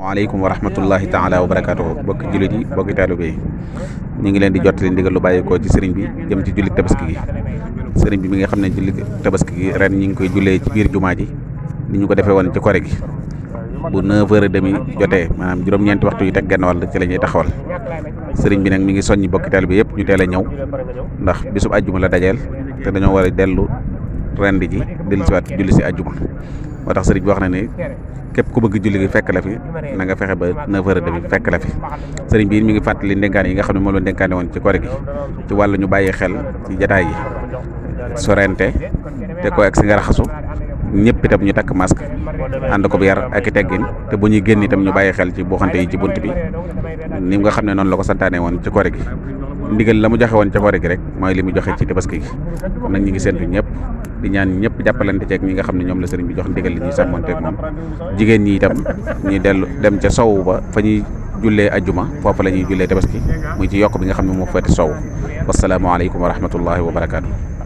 waaleykum wa rahmatullahi taala wa barakaatuhu bokki jullit yi bokki taalibe yi ñu ngi leen di jot jottali ndigal lu koo ci sëriñ bi jëm ci jullit tabaski gi sëriñ bi mi nga xam ne jullit tabaski gi ren ñu ngi koy jullee ci biir jumaa ji ni ñu ko defee woon ci kore gi bu 9 heures et demi jotee maanaam juróom-ñeenti waxtu yi teg genn wàll ci la ñuy taxawal sëriñ bi nag mi ngi soññi bokki taalibe yëpp ñu teel a ñëw ndax bisub àjjuma la dajeel te dañoo war a dellu rendi ji dellusiwaat julli si àjjuma moo tax sëriñ bi wax na ni képp ku bëgg julli gi fekk la fi na nga fexe ba 9h30 fekk la fi sëriñ bi mi ngi fàttali ndénkaane yi nga xam ne moom la woon ci kor gi ci wàllu ñu bàyyi xel ci jataay yi sorente te ko ak si raxasu ñëpp itam ñu takk masque ànd ko bi yar teggin te bu ñuy génn itam ñu bàyyi xel ci buuxante yi ci bunt bi ni nga xam ne noonu la ko santaane woon ci kor gi ndigal la mu joxe woon ci kor gi rek mooy li mu joxe ci tabaski gi kon nag ñu ngi séntu ñëpp di ñaan ñëpp jàppalante ceeg ñi nga xam ne ñoom la sëriñ bi jox ndigal li ñuy sàmmonteeg moom jigéen ñi dem ñu dellu dem ca sow ba fa ñuy jullee ajjuma foofu la ñuy jullee tabaski mu ci yokk bi nga xam ne moo feete sow wasalaamaaleykum wa rahmatullahi wa barakaatu